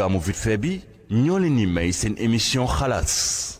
gaamu vite fait bi ñoo leen ni may seen émission xalaas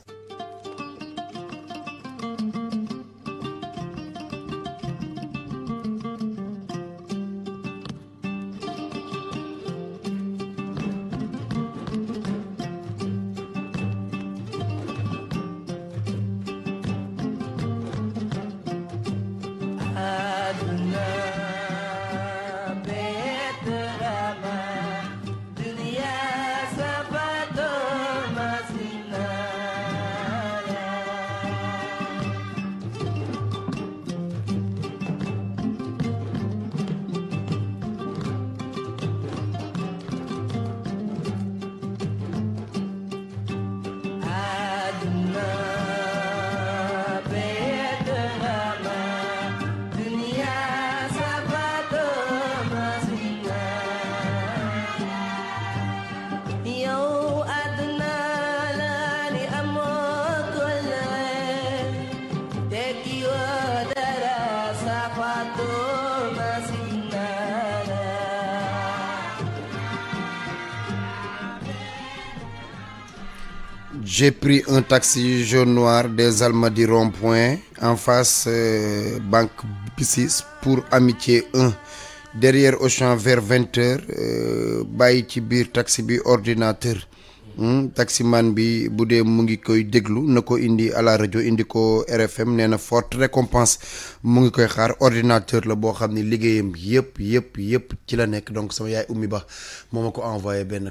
J'ai pris un taxi jaune noir des Almadies rond-point en face euh, Banque B6 pour Amitié 1. Derrière champ vers 20h euh, bàyyi taxi bi ordinateur Taxi hmm, taximan bi boudé mu ngi koy indi à la radio, indi ko RFM néna une forte récompense mu ngi koy xaar ordinateur la bo xamni ne yep yep yep ci la donc sama yaay ba envoyé ben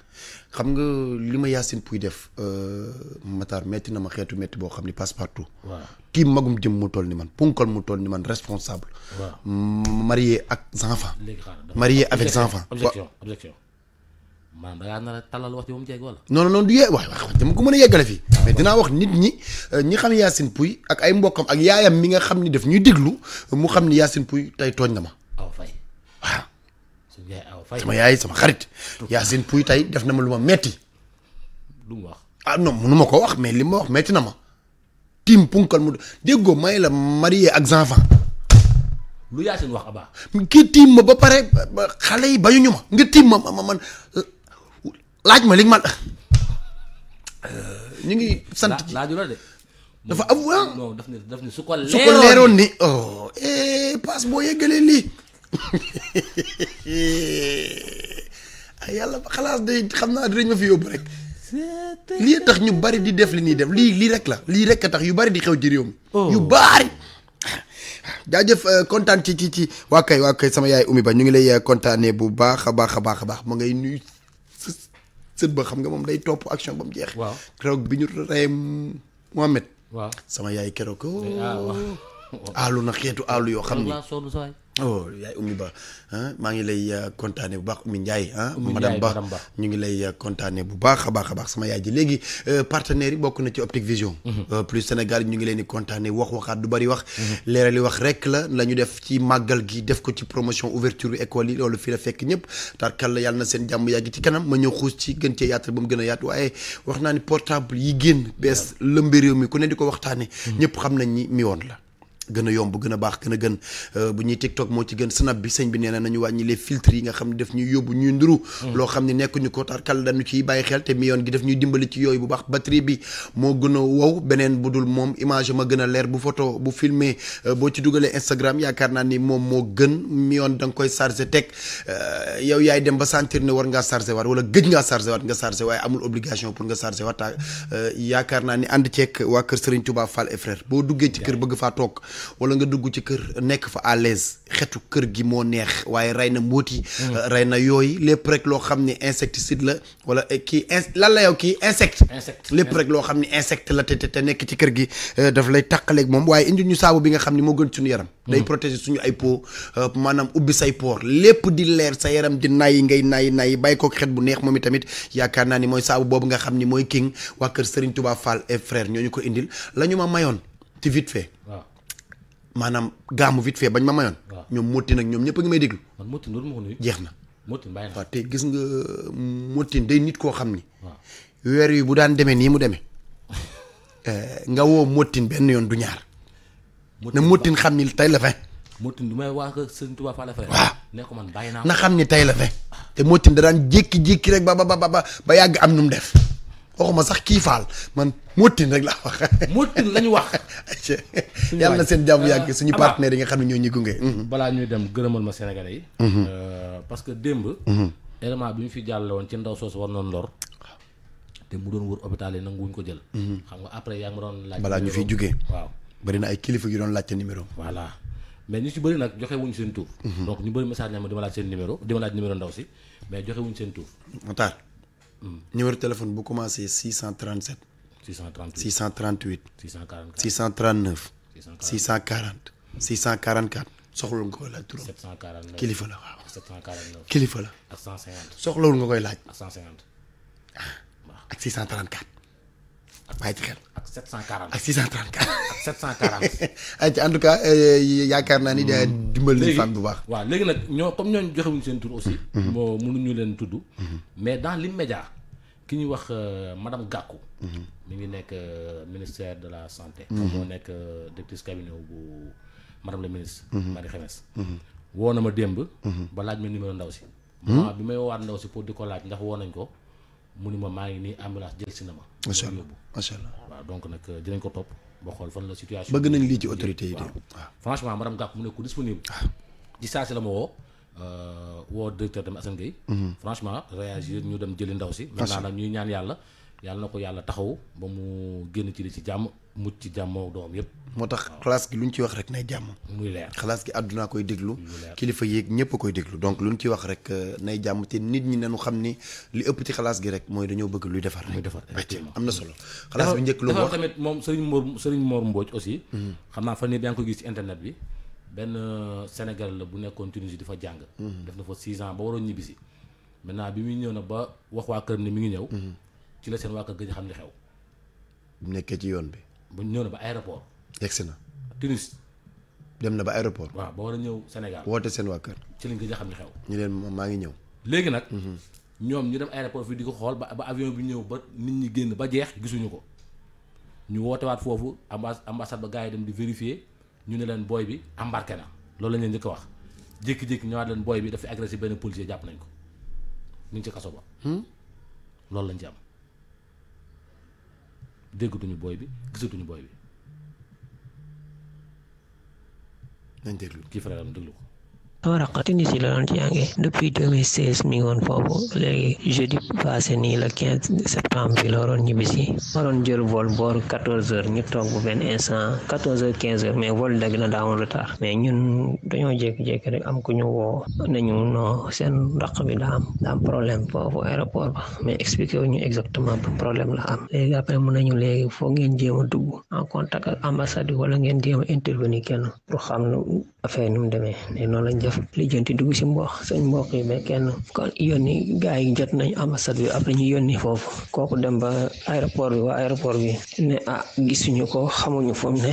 xam nga li ma Yacine Pouy def euh, Matar metti na ma xeetu metti boo xam ni passe partout. waaw kii magum jëm mu toll ni man punkal mu toll ni man responsable. waaw ak enfant. léegi marié avec enfant. objection objection a tallal wax ci moom jeeg wala. non non du yee wax wax dama ko mën a yeggale fii. Ah, mais dinaa wax nit ñi euh, ñi xam Yacine Pouy ak ay mbokkam ak yaayam mi nga xam ni def ñuy déglu mu xam ni Yacine Pouy tey tooñ na ma. waaw. sama yaay sama xarit Yacine Pouy tey def na ma lu ma metti lu wax ah non munu ma ko wax mais li ma wax metti na ma tim punkal mu déggoo may la marié ak enfant lu Yacine wax abaa kii tiim ma ba pare xale yi bañuñu ma nga tiim ma ma man laaj ma li ma euh, ñu ngi sant laaju dafa am waaw non daf ne daf ne su ko leeroon ni oh eh, boo yéggalee lii Eh. Ah, yàlla ba xalaas day xam naa dinañ ma fi yóbbu rek. lii tax ñu bari di def li ñuy def lii lii rek la. lii rek a tax yu bari di xew ci réew mi. Oh. yu bari. jaajëf euh, kontaan ci ci ci waa kay waa kay sama yaay Oumy Ba ñu ngi lay euh, kontaanee bu baax a baax a baax a baax ngay nuyu sët ba xam nga moom day topp action ba mu jeex. waaw keroog bi ñu rey Mohamed. waaw sama yaay keroog. aalu na xeetu aalu yoo xam ni. oh yaay Oumy Ba maa ngi lay euh, kontaane bu baax Oumy Ndiaye ah madame baax ñu ngi lay euh, kontaane bu baax a baax a baax sama yaay ji léegi euh, partenaires yi bokk na ci Optic Vision mhm. plus Sénégal ñu ngi leen di kontaane wax waxaat du bari wax mhm. leerali wax rek la la ñu def ci màggal gi def ko ci promotion ouverture bi école yi loolu fii la fekk ñëpp tarkal la yàlla na seen jàmm yàgg ci kanam ma ñëw xuus ci gën cee yaatal ba mu gën a yaatu waaye wax naa ni portable yi génn bees lëmbi réew mi ku ne di ko waxtaane mhm. ñëpp xam nañ ni mi woon la gën a yomb gën a baax gën a gën euh, bu ñuy TikTok moo ci gën snap bi sëñ bi nee na nañu wàññi filtre yi nga xam ne def ñuy yóbbu ñuy nduru mm. loo xam ne nekkuñu ñu ko tarkal dañu ci bàyyi xel te mi gi def ñuy dimbali ci yooyu bu baax batterie bi moo gën a wow beneen bu dul moom image ma gën a leer bu photo bu filmé euh, boo ci dugalee Instagram yaakaar naa ni moom moo gën mi yoon da nga koy chargé teg euh, yow yaay dem ba sentir ne war ngaa chargé waat wala gëj ngaa chargé waat nga chargé waaye amul obligation pour nga chargé waat yaakaar naa ni ànd ceeg waa kër Serigne Touba Fall boo duggee ci kër bëgg faa wala nga dugg ci kër nekk fa à l'aise xetu kër gi moo neex waaye rey na mbóoti mm. euh, rey na yooyu lépp rek loo xam ni insecticide la wala eh, kii in lan la yow kii insecte lépp rek loo xam ni insecte la te te nekk ci kër gi euh, daf lay taqaleek moom waaye indi ñu saabu bi nga xam ni moo gën suñu yaram mm. day protéger suñu ay peau euh, maanaam ubbi say poor lépp di leer sa yaram di nayi ngay nayi nayi bàyyi ko xet bu neex moom itamit yaakaar naa ni mooy saabu boobu nga xam ni mooy king waa kër Serigne Touba Fall ñooñu ko indil la ñu ma mayoon ci vite fait maanaam gaamu vite fait bañ ma mayoon. ñoom motti nag ñoom ñëpp a ngi may déglu. man Mottin loolu moo nuyu. jeex na Mottin bàyyi na waaw te gis nga euh, Mottin day nit koo xam ni. weer wi bu daan demee nii mu demee euh, nga woo Mottin benn yoon du ñaar. na Mottin xam ni tey la fin. du may wax ak Sëriñ Tuubaa fa la fin. waaw bàyyi naa na xam ni tey la fin. te Mottin da daan jékki-jékki rek ba ba ba ba yàgg am nu mu def. waxuma sax kii faal man mootin rek laa wax. mootin lañu wax. yàlla na seen jàmm yàgg euh, suñu partenaires yi nga xam ne ñoo ñu gunge. balaa mhm. ñuy dem gërëmal ma Sénégalais yi. Mhm. Euh, parce que démb. Mhm. élément bi ñu fi jàllale woon ci ndaw soosu war noonu lor. te mu doon wër hôpital yi nanguwuñ ko jël. xam nga après yaa ma doon laaj. balaa ñu fiy jugee waaw. bari na ay kilifa yu doon laajte numéro voilà mais ñu si bari nag joxe wuñ seen tuuf. donc ñu bëri message na ma dima laaj seen numéro dima laaj numéro ndaw si mais joxe wuñ seen Mm. numéro de téléphone bu commencé 637. 638 639. 640 644. soxlawul nga koy laaj turam. 749 kilifa la waaw. 749 kilifa la. ak 150. soxlawul nga koy laaj. ak 150. ah ak 634. ak bàyyi ci xel. ak 740 ak 634. ak 740. ayca en tout cas euh, yaakaar naa ni day hmm. dimbali. léegi fan bu baax. waaw léegi nag ñoo comme ñooñu joxewuñu seen tur aussi. Hmm. moo mënuñu leen tudd. Hmm. mais li l'immédiat ki ñu wax euh, madame Gakou. mu ngi nekk euh, ministère de la santé. moo nekk directrice cabinet bu madame la ministre. Marie Khemesse. woo na ma démb. ba laaj ma numéro ndaw si. moment bi may woowaat ndaw si pour di ko laaj ndax woo nañ ko mu ni ma maa ngi macha allah macha allah waaw donc nag euh, dinañ ko topp ba xool fan la situation. bëgg nañ lii ci autorité yi de waaw ah. franchement madame Gakou mu ne ko disponible. di ah. saa si la ma woo. Euh, woo directeur tamit Assane Gueye. Mhm. franchement réagir ñu dem jëli ndaw si. maintenant nag ñuy ñaan yàlla yàlla na ko yàlla taxaw ba mu génn ci li ci jàmm. mucc ci jàmmoo doom yëpp. moo tax classe gi lu ñu ci wax rek nay jàmm. muy leer xalaas gi àdduna koy déglu. kilifa yéeg ñëpp koy déglu donc lu ñu ci wax rek euh, nay jàmm te nit ñi nu xam ni li ëpp ci xalaas gi rek mooy dañoo bëgg luy defar. muy defar effectivement am na solo. xalaas bi njëkk lu mu wax tamit moom Serigne Mor Serigne Mor Mbodj aussi. Mhm. xam naa fan nii yaa ngi ko gis ci internet bi benn euh, Sénégal la bu nekkoon Tunisie di fa jàng. Mhm. def na fa 6 ans ba waroon ñibbisi. maintenant bi muy ñëw na ba wax waa k ni mi ngi ñëw. Mhm. ci la seen waa kër gëj xam li xew. nekkee ci yoon bi bu ñëw na ba aéroport. yegg si na. Tunis. dem na ba aéroport. waaw ba war a ñëw Sénégal. woote seen waa kër. ci lañ gëj a xam li xew. ñu leen maa ngi ñëw. léegi nag. Mhm. ñoom ñu dem aéroport fii di ko xool ba ba avion bi ñëw ba nit ñi génn ba jeex gisuñu ko ñu wootewaat foofu ambas ambassade ba gars yi dem di vérifier ñu ne leen booy bi ambarke na loolu lañ leen njëkk a wax jékki-jékki ñëwaat leen booy bi dafa agressé benn policier jàpp nañ ko ñu ngi ci kaso ba. Hmm? loolu lañ ci am. déggatuñu booy bi gisatuñu booy bi. nañ déglu kii frère am déglu ko. Warraqa Tunisie la doon jànge depuis 2016 mi ngi woon foofu léegi jeudi passé nii la 15 septembre bi la waroon ñibbisi waroon jël vol boor 14 heures ñu toog bu benn instant 14 heures 15 heures mais vol dagg na daawoon retard mais ñun dañoo jékki-jékki rek am ku ñu woo nañu non seen doq bi daa am am problème foofu aéroport mais expliqué wu ñu exactement problème la am léegi après mun nañu léegi foo ngeen jéem a dugg en contact ak ambassade wala ngeen jéem a intervenir kenn affaire nu mu demee ne noonu lañ def lijjanti dugg si mboq seen mboq ba kenn kon yónni gars jot nañ ambassade bi après ñu yónni foofu kooku dem ba aéroport bi waa aéroport bi ne ah gisuñu ko xamuñu fu ne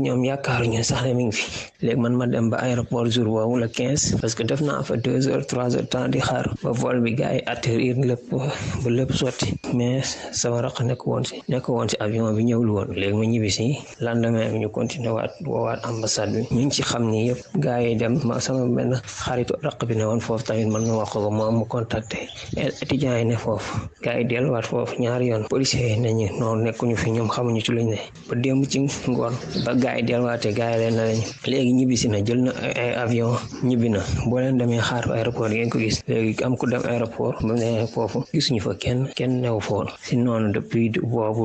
ñoom yaakaaruñu sax ne mi ngi fi léegi man ma dem ba aéroport jour boobu la quinze parce que def naa fa deux heures trois heures temps di xaar ba vol bi gars yi atterrir lépp ba lépp sotti mais sama raq nekk woon si nekk woon si avion bi ñëwul woon léegi ma ñibbi si lendemain bi waat yëpp gars yi dem ma sama benn xaritu raq bi foofu tamit man ma wax ko moom mu contacté étudiants yi ne foofu gars yi delluwaat foofu ñaar yoon policiers yi nañu noonu nekkuñu fi ñoom xamuñu ci luñ ne ba démb ci ngoon ba gars yi delluwaatee gars yi na lañ léegi si na jël na ay avion ñibbi na boo leen demee xaar aéroport ngeen ko gis léegi am ku dem aéroport ba ne foofu gisuñu fa kenn kenn new foon si noonu depuis boobu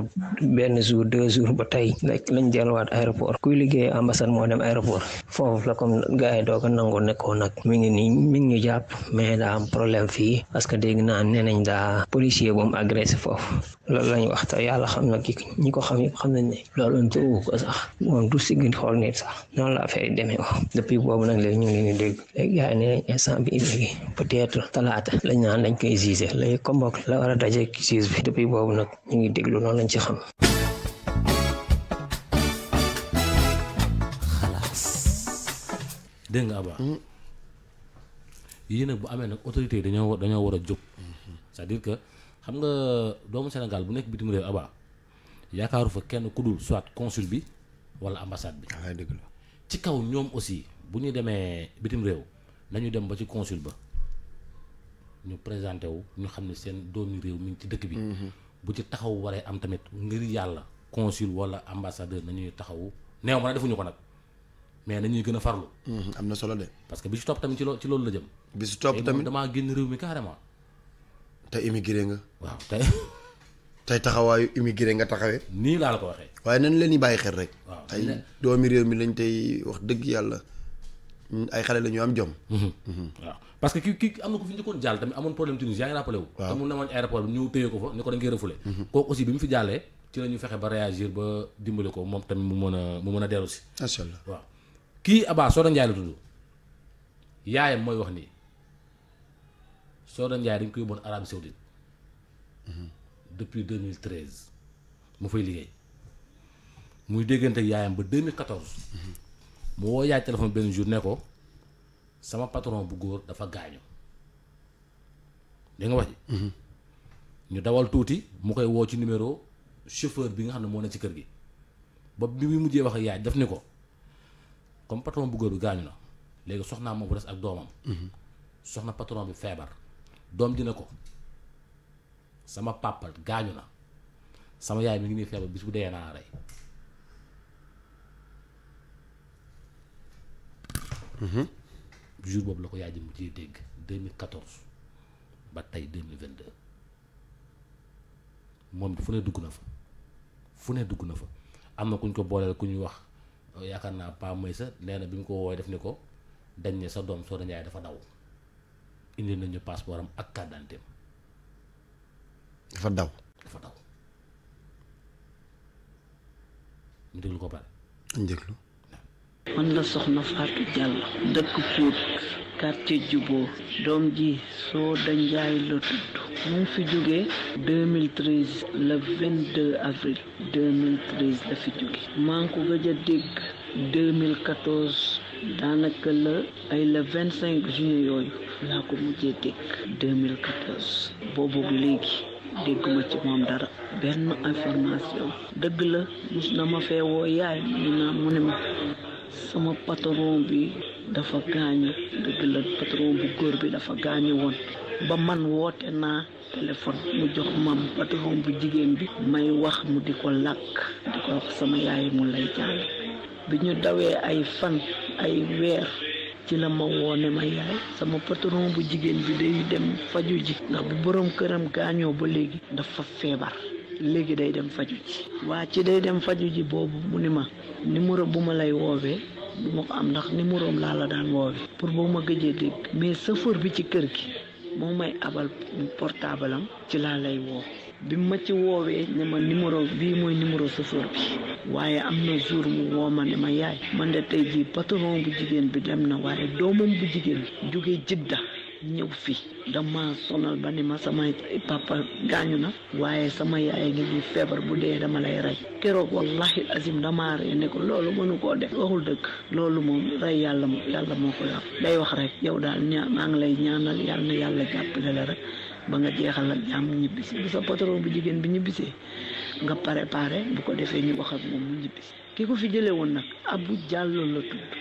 benn jour deux jours ba tey lañ delluwaat aéroport kuy liggéey ambassade moo dem aéroport foofu la comme gars yi doo ko nangoo nekkoon nag mi ngi nii mi ngi ñu jàpp mais daa am problème fii parce que dégg naa nee nañ daa policier bu mu agressé foofu loolu la ñu wax te yàlla xam na ki ñi ko xam yëpp xam nañ ne loolu lañ tëwu sax moom du xool nit sax noonu la affaire demee ko boobu nag léegi ñu ngi dégg léegi gars yi instant bi léegi peut talaata lañ naan dañ koy jugé léegi comme la war a daje juge bi depuis boobu nag ñu ngi déglu noonu lañ ci xam dégg nga Abba. Mm. yii nag bu amee nag autorité yi dañoo dañoo war a jóg. c'est-à-dire que xam nga doomu Sénégal bu nekk bitim réew Abba yaakaaru fa kenn ku dul soit consul bi wala ambassade bi. waaw dëgg la ci kaw ñoom aussi bu ñu demee bitim réew nañu dem ba ci consul ba ñu présenté wu ñu xam ne seen doomi réew mi ngi ci dëkk bi. Mm-hmm. bu ci taxaw waree am tamit ngir yàlla consul wala ambassadeur nañuy taxawu neew ma ne defuñu ko nag. mais nañuy gën a farlu. Mm-hmm. am na solo de. parce que bi ci topp tamit ci loo ci loolu la jëm. bi ci topp tamit damaa génn réew mi carrément. te immigré nga. waaw tey. tey taxawaayu immigré nga taxawee. nii laa la ko waxee. waaye nañ leen di bàyyi xel rek. waaw tey doomi réew mi lañ tey wax dëgg yàlla ay xale la ñu am jom. Mm-hmm. Mm-hmm. waaw parce que ki ki am na ko fi njëkkoon jàll tamit amoon problème Tunis yaa ngi rappelé te mu nemoon aéroport bi ñu téye fa mu fi jàllee ñu fexe ba réagir ba dimbali ko moom tamit mu mën a mu mën dellu si. macha allah waaw. kii Abba Soda Ndiaye la tudd yaayam mooy wax nii Soda Ndiaye dañ koy yóbboon Arabie Saoudite mhm. depuis 2013 mu fay liggéey muy déggante yaayam ba 2014 mhm. mu woo yaay téléphone benn jour ne ko sama patron bu góor dafa gaañu da wax ji mhm. ñu dawal tuuti mu koy woo ci numéro chauffeur bi nga xam ne moo ne ci kër gi ba bi muy mujjee wax ak yaay daf ni ko comme patron bu góor bi gaañu na léegi soxnaa moom bu des ak doomam. Mhm. soxna patron bi feebar. doom dina ko sama papa gaañu na sama yaay mi ngi nii feebar bis bu dee naa rey. Mhm. jour boobu la ko yaay ji mu ciy dégg 2014 ba tey 2022 moom fu ne dugg na fa fu ne dugg na fa am na ku ko booleel ku ñuy wax. yaakaar naa Pa Maysa nee na bi ñu ko wooy def ni ko dañ ne sa doom Soda Ndiaye dafa daw indi nañu passeport am ak carte dafa daw dafa daw ñu déglu ko pare ñu déglu man la soxna Fatou Diallo dëkk Pout quartier Jubo doom ji soo danjaay la tudd mu fi jógee 2013 le 22 avril 2013 la fi jóge maa ko gëj a dégg 2014 daanaka la ay le 25 juillet yooyu laa ko mujjee dégg 2014 boobu léegi dégguma ci moom dara benn information dëgg la mus na ma fee yaay mu ne ma sama patron bi dafa gaañu dëgg la patron bu góor bi dafa gaañu woon ba man woote naa téléphone mu jox mam patron bu jigéen bi may wax mu di ko làkk di ko wax sama yaay mu lay jàng bi ñu dawee ay fan ay weer ci la ma woone ma yaay sama patron bu jigéen bi day dem faju ji ndax bu borom këram gaañoo ba léegi dafa feebar léegi day dem faju ji waa ci day dem faju ji boobu mu ni ma numéro bu ma lay woowee du ma ko am ndax numéro am laa la daan woowee pour boo ma gëjee dégg mais chauffeur bi ci kër gi moo may abal portable ci laa lay woo bi ma ci woowee ne ma numéro bii mooy numéro chauffeur bi waaye am na jour mu woo ma ne ma yaay man de tey jii patron bu jigéen bi dem na waaye doomam bu jigéen jóge jidda ñëw fi dama sonal ba ni ma sama papa gañu na waye sama yaay ngi ni feebar bu dee dama lay ray kéro wallahi azim dama rey ne ko loolu mënu ko def waxul dëgg loolu moom rey yàlla yàlla moo ko yor day wax rek yow daal ma ngi lay ñaanal yalla na yàlla jàppale la rek ba nga jéxal la jàmm ñibbi ci sa patron bu jigen bi ci nga préparer bu ko ñu wax ak mom ñibbi fi jëlé won nak abu diallo la tudd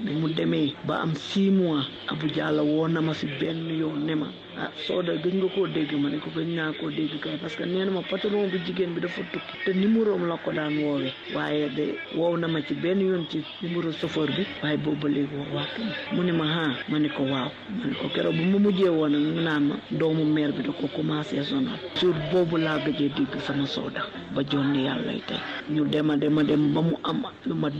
bi mu demee ba am six mois Abu Diallo woo na ma si benn yoon ne ma ah Soda gëj nga koo dégg ma ne ko gëj naa dégg kay parce que nee na ma patron bu jigéen bi dafa tukki te numéro am la ko daan woowee waaye de woow na ma ci benn yoon ci numéro chauffeur bi waaye boobu ba léegi woo waa mu ne ma ah ma ne ko waaw ma keroog bu ma mujjee woon nag mu naan ma doomu meer bi da ko commencé sonal suur boobu laa gëjee dégg sama Soda ba jonni yàlla tey ñu dema dem ba mu am a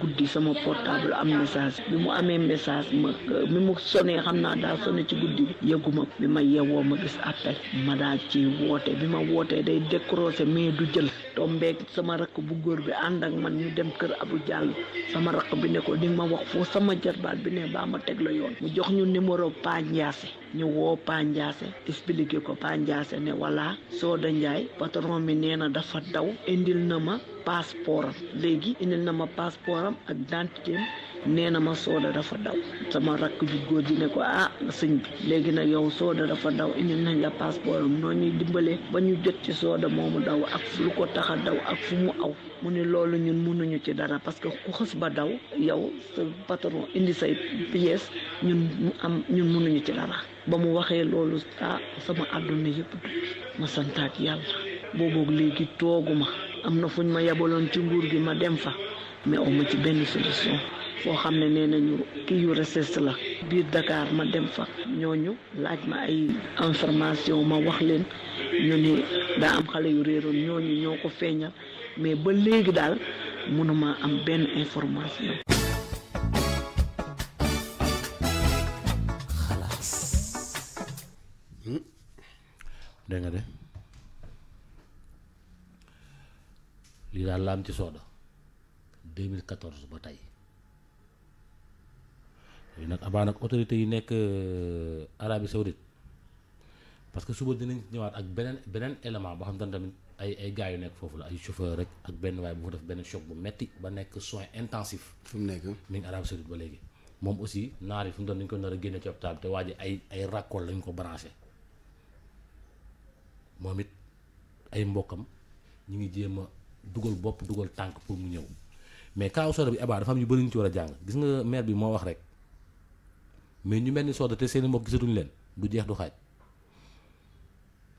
guddi sama portable am message bi mu amee message ma euh, bi mu sonee xam naa daal sonné ci guddi yëguma bi ma yewoo ma gis appel ma daal ci woote bi ma wootee day décroché mais du jël tombeeg sama rakk bu góor bi ànd ak man ñu dem kër Abu jàll sama rakk bi ne ko di ma wax foo sama jarbaat bi ne baa ma teg la yoon mu jox ñu numéro Pa Ndiassé ñu woo Pa Ndiassé expliqué ko Pa Ndiassé ne voilà Soda Ndiaye patron mi nee na dafa daw indil na ma passeport am léegi indi na ma passeport am ak dentité nee na ma sooda dafa daw sama rakk ju góor ji ne ko ah sëñ bi léegi nag yow Soda dafa daw indil nañ la passeport am noo ñuy dimbalee ba ñu jot ci sooda moomu daw ak lu ko tax a daw ak fu mu aw mu ni loolu ñun mënuñu ci dara parce que ku xës ba daw yow sa patron indi say pièces ñun mu am ñun mënuñu ci dara ba mu waxee loolu ah sama àdduna yëpp ma santaat yàlla booboog léegi tooguma am na fuñ ma yebaloon ci nguur gi ma dem fa mais awma ci benn solution foo xam ne nee nañu kii yu recherche la biir dakaar ma dem fa ñooñu laaj ma ay information ma wax leen ñu ne daa am xale yu réeroon ñooñu ñoo ko feeñal mais ba léegi daal mënuma am benn information. xalaas. dégg nga de lii daal la am ci Soda 2014 ba tey nag abaa nag autorité yi nekk euh, Arabie Saoudite. parce que suba dinañ ñëwaat ak beneen beneen élément boo xam ne tamit ay ay gars yu nekk foofu la ay chauffeur rek ak benn waaye bu fa def benn choc bu metti ba nekk soin intensif. fu mu nekk mi ngi Arabie ba léegi. moom aussi naar fu mu doon dañ ko nar a génne ci hôpital ay ay raccord lañ ko branché it ay mbokkam ñu ngi jéem a dugal bopp dugal tànk pour mu ñëw mais kaaw Soda bi abaa dafa am ñu bëri ñu ci war a jàng gis nga maire bi moo wax rek mais ñu mel ni Soda te seen mbokk gisatuñ leen du jeex du xaaj.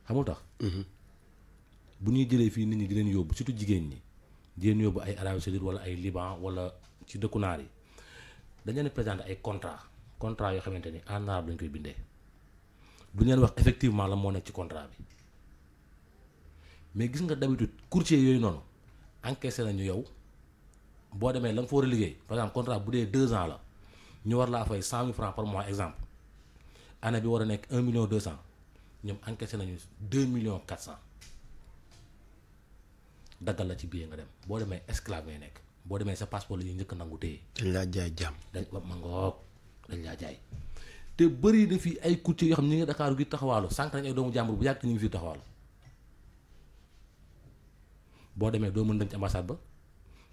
xamul tax. Mhm. bu ñuy jëlee fii nit ñi di leen yóbbu surtout jigéen ñi di leen yóbbu ay Arabie Saoudite wala ay Liban wala ci dëkku naar yi dañ leen présenté ay contrat contrat yoo xamante ni en arabe lañ koy bindee du leen wax effectivement la moo nekk ci contrat bi mais gis nga d'habitude courtier yooyu noonu encaissé nañu yow boo demee la nga war a liggéey par exemple contra bu dee deux ans la ñu war laa fay cent mille francs par mois exemple année bi war a nekk un million deux cent ñom encaissé nañu 2 millions 400 dagal la ci billet nga dem bo demé esclave ngay nek bo demé sa passeport li ñëk njëkk nangu téye. dañ la jaay jam dañ ba ma ngok dañ la jaay té bëri na fi ay couture yo xam ñi nga ngi Dakar gi taxawalu sank nañ ay doomu jàmbur bu yak ñi fi taxawal bo demé do mën dem ci ambassade ba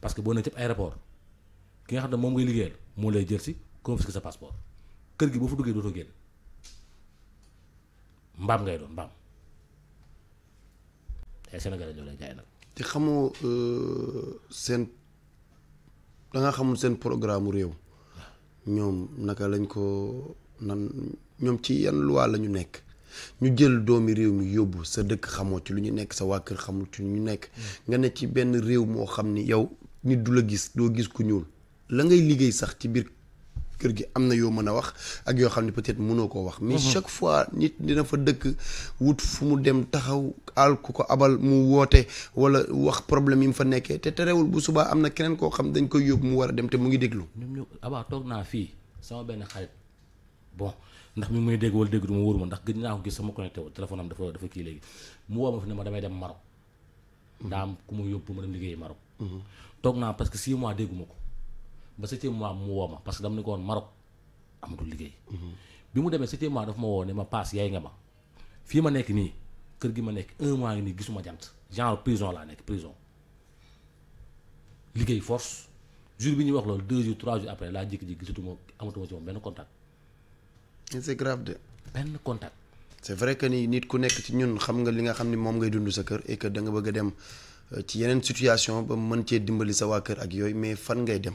parce que bo nee ci aéroport ki nga xam ne moom ngay liggéeyal mo lay jël ci confisquer sa passeport kër gi bu fa duggé do to gën mbaam ngay doon mbaam ay sénégalais ñoo lay jaay nag. te xamoo euh, seen da xamul seen programme réew. Ah. ñoom naka lañ ko nan ñoom ci yan loi la ñu nekk ñu jël doomi réew mi yóbbu sa dëkk xamoo ci lu ñu nekk sa waa kër xamul ci lu ñu nekk. Hmm. nga ne ci benn réew moo xam ni yow nit du la gis doo gis ku ñuul la ngay liggéey sax ci biir. kër gi am na yoo mën a wax ak yoo xam ne peut-être mënoo koo wax mais mhm. chaque fois nit dina fa dëkk wut fu mu dem taxaw al ko abal mu woote wala wax problème yi mu fa nekkee te terewul bu subaa am na keneen koo xam dañ koy yóbbu mu war a dem te mu ngi déglu ñoom abaa toog naa fii sama benn xarit bon ndax mu ngi may dégg wala dégg du ma wóor ma ndax gën naa ko gis sama connecté téléphone am dafa dafa kii léegi mu woo ma fi ne ma damay dem Maroc mhm. daa am ku ma yóbbu ma dem liggéeyi Maroc mhm. toog naa parce que six mois déggu ko ba septième mois mu woo parce que dama ni ko woon Maroc amatul liguey mhm. bi mu demee septième mois dafa ma woné ma passe yaay nga ma fi ma nek ni kër gi ma nek 1 mois ni gisuma jant genre prison la nek prison liguey force jour bi ñuy wax lol 2 jours 3 jours après laa jékki ji gisatuma amatuma ci moom benn contact. c'est grave de. ben contact. c'est vrai que ni nit ku nek ci ñun xam nga li nga xam ni moom ngay dundu sa kër et que da nga bëgg dem euh, ci yenen situation ba mën ci dimbali sa wa kër ak yoy mais fan ngay dem.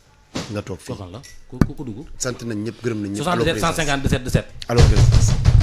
nga toog fii. kooku la ku ku dugg. sant nañ ñëpp gërëm nañ ñëpp. alors que 77 157